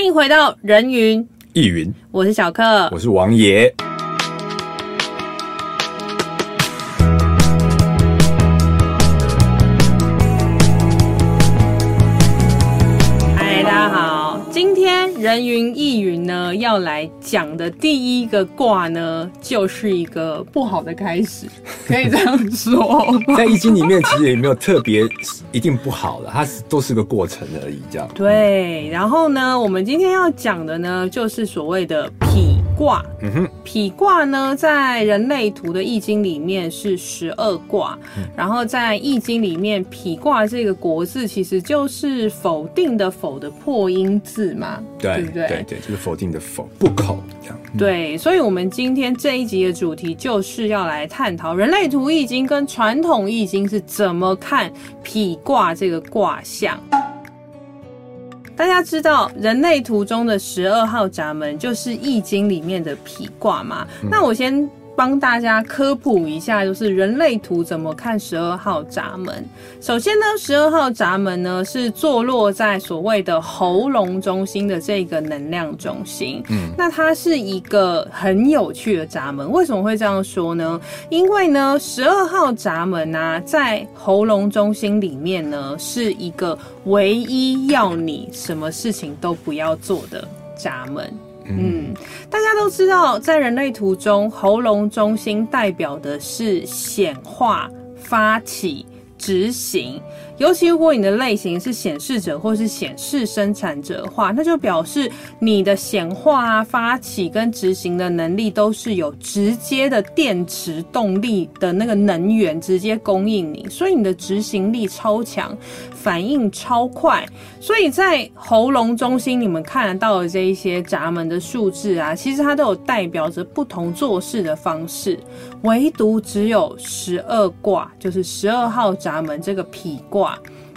歡迎回到人云易云，雲我是小克，我是王爺。嗨，大家好，今天人云。要來講的第一個卦呢，就是一個不好的開始，可以這樣說。 在易經裡面，其實也沒有特別一定不好的，它都是個過程而已，這樣。對，然後呢，我們今天要講的呢，就是所謂的否。卦，嗯哼，否卦呢，在人類圖的易經裡面是十二卦，嗯、然後在易經裡面，否卦這個國字其實就是否定的否的破音字嘛，對不對？對對對，就是否定的否，不口這樣。嗯、對，所以我們今天這一集的主題就是要來探討人類圖易經跟傳統易經是怎麼看否卦這個卦象。大家知道人類圖中的十二號閘門就是《易經》裡面的否卦嗎？嗯、那我先。幫大家科普一下，就是人類圖怎麼看十二號閘門。首先呢，十二號閘門呢是坐落在所謂的喉嚨中心的這個能量中心。嗯，那它是一個很有趣的閘門。為什麼會這樣說呢？因為呢，十二號閘門呢，啊，在喉嚨中心裡面呢是一個唯一要你什麼事情都不要做的閘門。嗯，大家都知道，在人類圖中，喉嚨中心代表的是顯化、發起、執行。尤其如果你的類型是顯示者或是顯示生產者的話，那就表示你的顯化啊，發起跟執行的能力都是有直接的電池動力的那個能源直接供應你，所以你的執行力超強，反應超快。所以在喉嚨中心你們看得到的這一些閘門的數字啊，其實它都有代表着不同做事的方式，唯獨只有十二卦，就是十二號閘門這個否卦。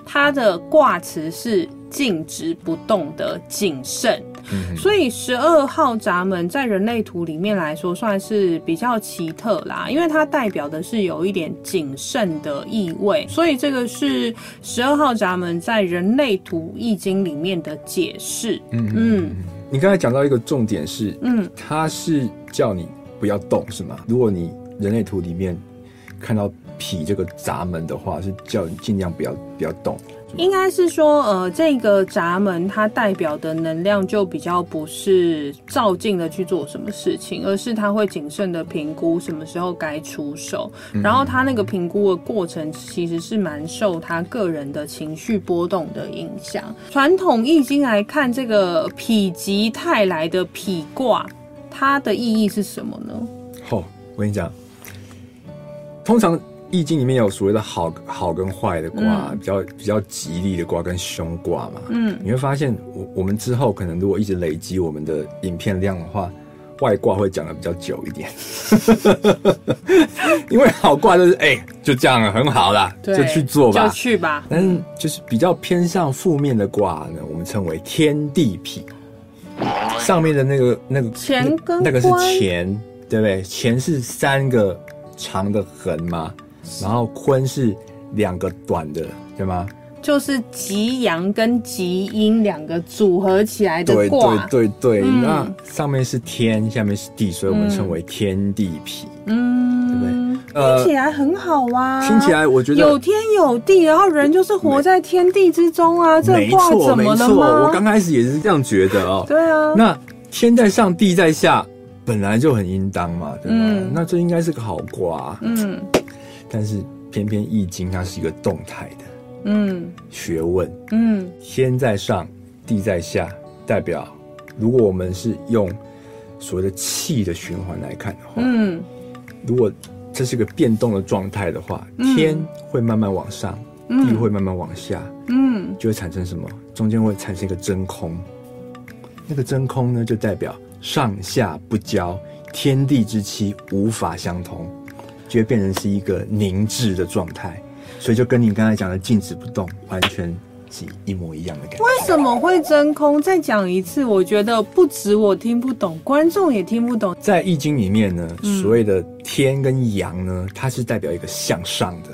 它的卦辭是靜止不動的謹慎，嗯、哼所以十二號閘門在人類圖裡面來說算是比較奇特啦，因為它代表的是有一點謹慎的意味，所以這個是十二號閘門在人類圖易經裡面的解釋。嗯，哼嗯，你剛才講到一個重點是，嗯，它是叫你不要動是嗎？如果你人類圖裡面看到。否這個閘門的話，是叫你盡量不要不要動。應該是說，呃，這個閘門它代表的能量就比較不是照進的去做什麼事情，而是他會謹慎的評估什麼時候該出手。然後他那個評估的過程其實是蠻受他個人的情緒波動的影響。傳統易經來看，這個否極泰來的否卦，它的意義是什麼呢？好、哦，我跟你講，通常。易經裡面有所謂的好好跟壞的卦，嗯、比較比較吉利的卦跟凶卦嘛。嗯，你會發現，我我們之後可能如果一直累積我們的影片量的話，壞卦會講得比較久一點。 因為好卦就是哎、欸，就這樣了很好啦，對就去做吧，就去吧。但是就是比較偏向負面的卦呢，我們稱為天地否。上面的那個那個那個是乾，對不對？乾是三個長的橫嘛。然後坤是兩個短的，對嗎？就是極陽跟極陰兩個組合起來的卦。對對對對，那上面是天，下面是地，所以我們稱為天地否，嗯，對不對？聽起來很好啊，聽起來我覺得有天有地，然後人就是活在天地之中啊。這卦怎麼說？沒錯，我剛開始也是這樣覺得哦。對啊。那天在上，地在下，本來就很應當嘛，對不對？那這應該是個好卦。嗯。但是偏偏《易經》它是一個動態的嗯，嗯，學問，嗯，天在上，地在下，代表如果我們是用所謂的氣的循環來看的話，嗯，如果這是一個變動的狀態的話，天會慢慢往上，嗯，地會慢慢往下，嗯，就會產生什麼？中間會產生一個真空，那個真空呢，就代表上下不交，天地之氣無法相通。就變成是一個凝滯的狀態，所以就跟你剛才講的靜止不動，完全是一模一樣的感覺。為什麼會真空？再講一次，我覺得不止我聽不懂，觀眾也聽不懂。在《易經》裡面呢，所謂的天跟陽呢，嗯、它是代表一個向上的，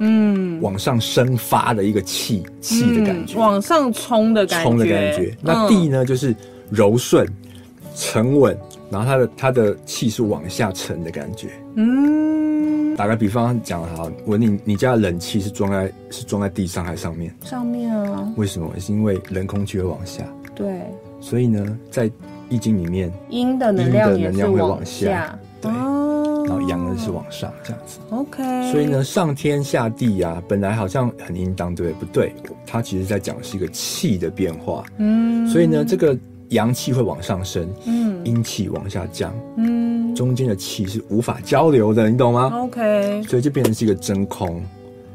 嗯，往上升發的一個氣氣的感覺，嗯、往上衝的感覺，衝的感覺。嗯、那地呢，就是柔順、沉穩。然後它的它的氣是往下沉的感覺。嗯，打個比方講哈，我你你家的冷氣是裝在是裝在地上還是上面？上面啊。為什麼？是因為冷空氣會往下。嗯、對。所以呢，在易經裡面，陰對的能量，的能量會也是往下。對、哦、然後陽的是往上，這樣子。OK。所以呢，上天下地呀、啊，本來好像很應當，對不對？不對，它其實在講是一個氣的變化。嗯。所以呢，這個。陽氣會往上升，嗯，陰氣往下降，嗯，中間的氣是無法交流的，你懂嗎？OK，所以就變成是一個真空，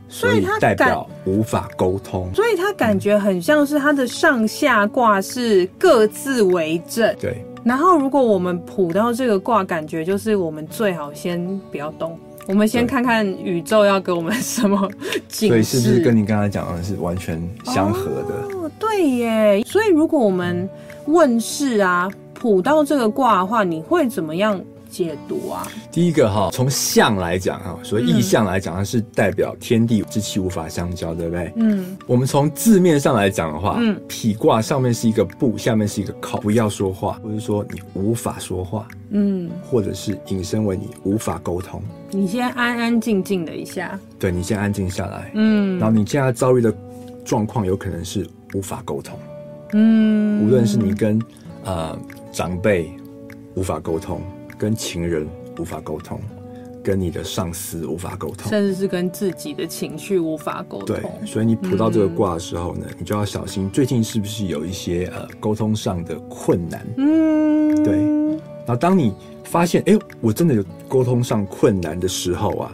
所以代表無法溝通，所以他感覺很像是他的上下卦是各自為政。嗯、對。然後如果我們卜到這個卦，感覺就是我們最好先不要動，我們先看看宇宙要給我們什麼對 警示？所以是不是跟你剛才講的是完全相合的？哦對耶，所以如果我們問事啊，卜到這個卦的話，你會怎麼樣解讀啊？第一個哈，從象來講哈，所謂意象來講，它是代表天地之氣無法相交，對不對？嗯。我們從字面上來講的話，嗯，否卦上面是一個不，下面是一個口，不要說話，或者說你無法說話，嗯，或者是引申為你無法溝通。你先安安靜靜的一下。對，你先安靜下來，嗯。然後你現在遭遇的狀況有可能是。無法溝通，嗯，無論是你跟呃長輩無法溝通，跟情人無法溝通，跟你的上司無法溝通，甚至是跟自己的情緒無法溝通。對，所以你卜到這個卦的時候呢，嗯、你就要小心，最近是不是有一些呃溝通上的困難？嗯，對。然後當你發現，哎、欸，我真的有溝通上困難的時候啊，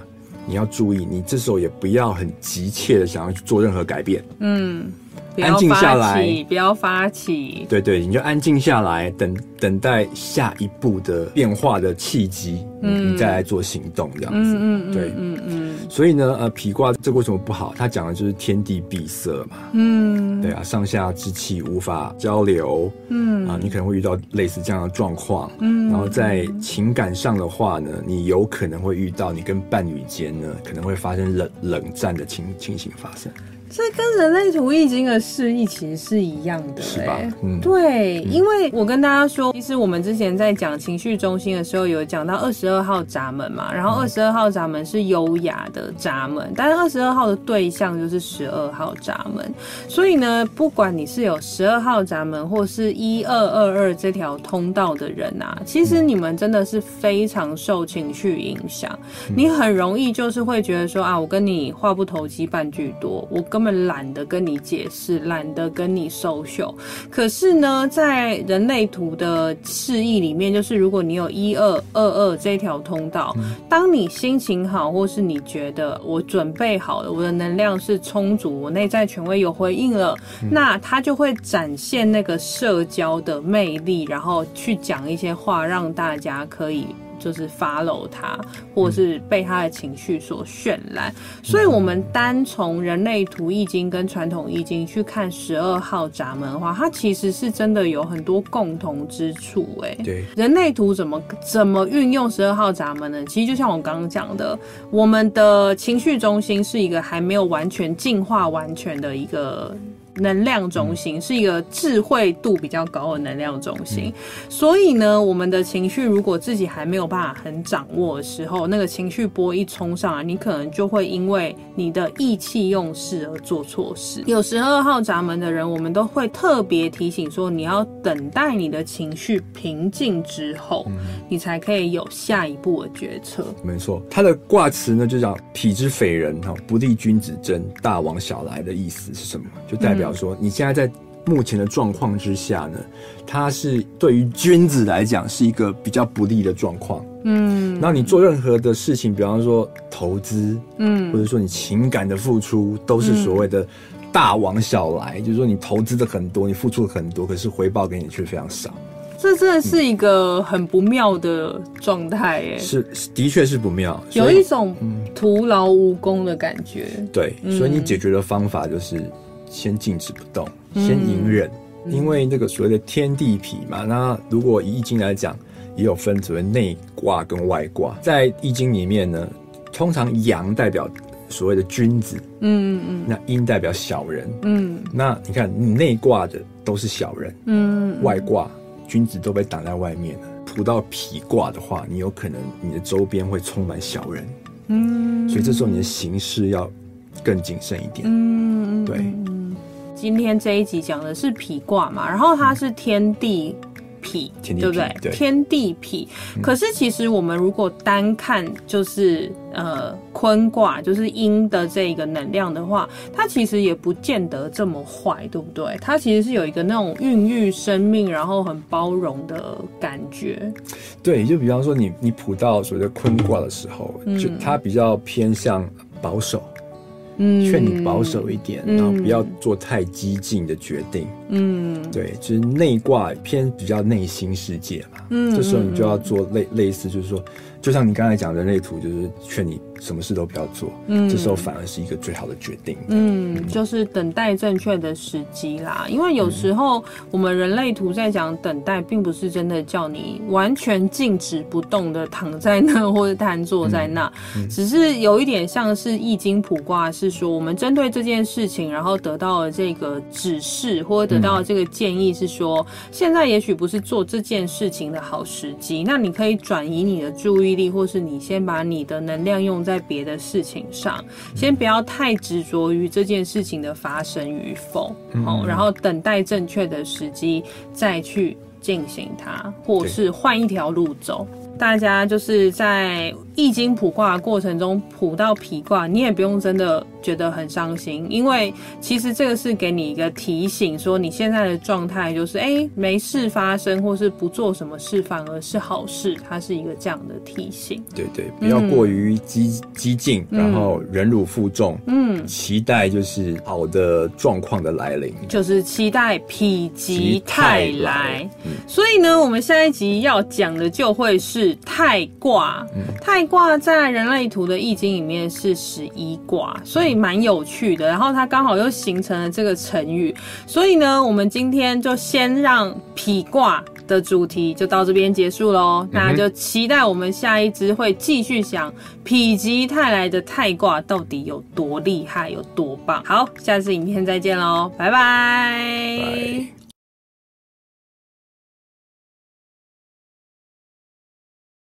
你要注意，你這時候也不要很急切的想要去做任何改變。嗯。安靜下來不，不要發起。對,對對，你就安靜下來，等等待下一步的變化的契機，嗯、你再來做行動這樣子。嗯。對嗯嗯。嗯嗯嗯所以呢，呃，否卦這個為什麼不好？它講的就是天地閉塞嘛。嗯。對啊，上下之氣無法交流。嗯。啊，你可能會遇到類似這樣的狀況。嗯。然後在情感上的話呢，你有可能會遇到你跟伴侶間呢，可能會發生冷冷戰的情情形發生。這跟人類圖易經的示意其實是一樣的，是吧？對，因為我跟大家說，其實我們之前在講情緒中心的時候，有講到二十二號閘門嘛，然後二十二號閘門是優雅的閘門，但是二十二號的對象就是十二號閘門，所以呢，不管你是有十二號閘門或是一二二二這條通道的人啊，其實你們真的是非常受情緒影響，你很容易就是會覺得說啊，我跟你話不投機半句多，我跟他們懶得跟你解釋，懶得跟你 social。可是呢，在人類圖的示意裡面，就是如果你有一二二二這條通道，當你心情好，或是你覺得我準備好了，我的能量是充足，我內在權威有回應了，那他就會展現那個社交的魅力，然後去講一些話，讓大家可以。就是 follow 他，或是被他的情緒所渲染，嗯、所以，我們單從人類圖易經跟傳統易經去看十二號閘門的話，它其實是真的有很多共同之處、欸，誒，對。人類圖怎麼怎麼運用十二號閘門呢？其實就像我剛剛講的，我們的情緒中心是一個還沒有完全進化完全的一個。能量中心，是一個智慧度比較高的能量中心，嗯、所以呢，我們的情緒如果自己還沒有辦法很掌握的時候，那個情緒波一衝上來，你可能就會因為你的意氣用事而做錯事。有十二號閘門的人，我們都會特別提醒說，你要等待你的情緒平靜之後，嗯、你才可以有下一步的決策。沒錯，他的卦辭呢，就叫“否之匪人，哈，不利君子貞，大往小來的意思是什麼？就代表。說你現在在目前的狀況之下呢，它，是對於君子來講是一個比較不利的狀況。嗯，然後你做任何的事情，比方說投資，嗯，或者說你情感的付出，都是所謂的大往小來，嗯、就是說你投資的很多，你付出了很多，可是回報給你卻非常少。這真的是一個很不妙的狀態。欸，哎，是，的確是不妙，有一種徒勞無功的感覺。嗯、對，所以你解決的方法就是。先靜止不動，先隱忍，嗯嗯、因為那個所謂的天地否嘛。那如果以易經來講，也有分所謂內卦跟外卦。在易經裡面呢，通常陽代表所謂的君子，嗯嗯，嗯，那陰代表小人，嗯，那你看你內卦的都是小人，嗯，嗯，外卦君子都被擋在外面了。卜到否卦的話，你有可能你的周邊會充滿小人，嗯，所以這時候你的行事要更謹慎一點，嗯，對。今天這一集講的是否卦嘛，然後它是天地，否，對不對？天地否。可是其實我們如果單看，就是呃坤卦，就是陰的這個能量的話，它其實也不見得這麼壞，對不對？它其實是有一個那種孕育生命，然後很包容的感覺。對，就比方說你你卜到所謂的坤卦的時候，就它比較偏向保守。勸你保守一點，嗯、然後不要做太激進的決定。嗯，對，就是內卦偏比較內心世界嘛。嗯，嗯，嗯，這時候你就要做類類似，就是說，就像你剛才講的人類圖，就是勸你。什麼事都不要做，嗯，這時候反而是一個最好的決定。嗯，嗯，就是等待正確的時機啦。因為有時候，嗯，我們人類圖在講等待，並不是真的叫你完全靜止不動的躺在那或者癱坐在那，嗯，只是有一點像是《易經》卜卦，是說我們針對這件事情，然後得到了這個指示或者得到這個建議，是說現在也許不是做這件事情的好時機。那你可以轉移你的注意力，或是你先把你的能量用在。在別的事情上，先不要太執着於這件事情的發生與否，嗯嗯嗯，然後等待正確的時機再去進行它，或是換一條路走。對大家就是在易經卜卦的過程中卜到否卦，你也不用真的。覺得很傷心，因為其實這個是給你一個提醒，說你現在的狀態就是，哎、欸，沒事發生，或是不做什麼事，反而是好事。它是一個這樣的提醒。對，對對，不要過於激，嗯、激進，然後忍辱負重，嗯，期待就是好的狀況的來臨，就是期待否極泰來。泰來，嗯、所以呢，我們下一集要講的就會是泰卦。泰卦在人類圖的易經裡面是十一卦，所以。蠻有趣的，然後它剛好又形成了這個成語，所以呢，我們今天就先讓否卦的主題就到這邊結束嘍。嗯、哼那就期待我們下一支會繼續想「否極泰來的泰卦到底有多厲害、有多棒」。好，下次影片再見嘍，拜拜。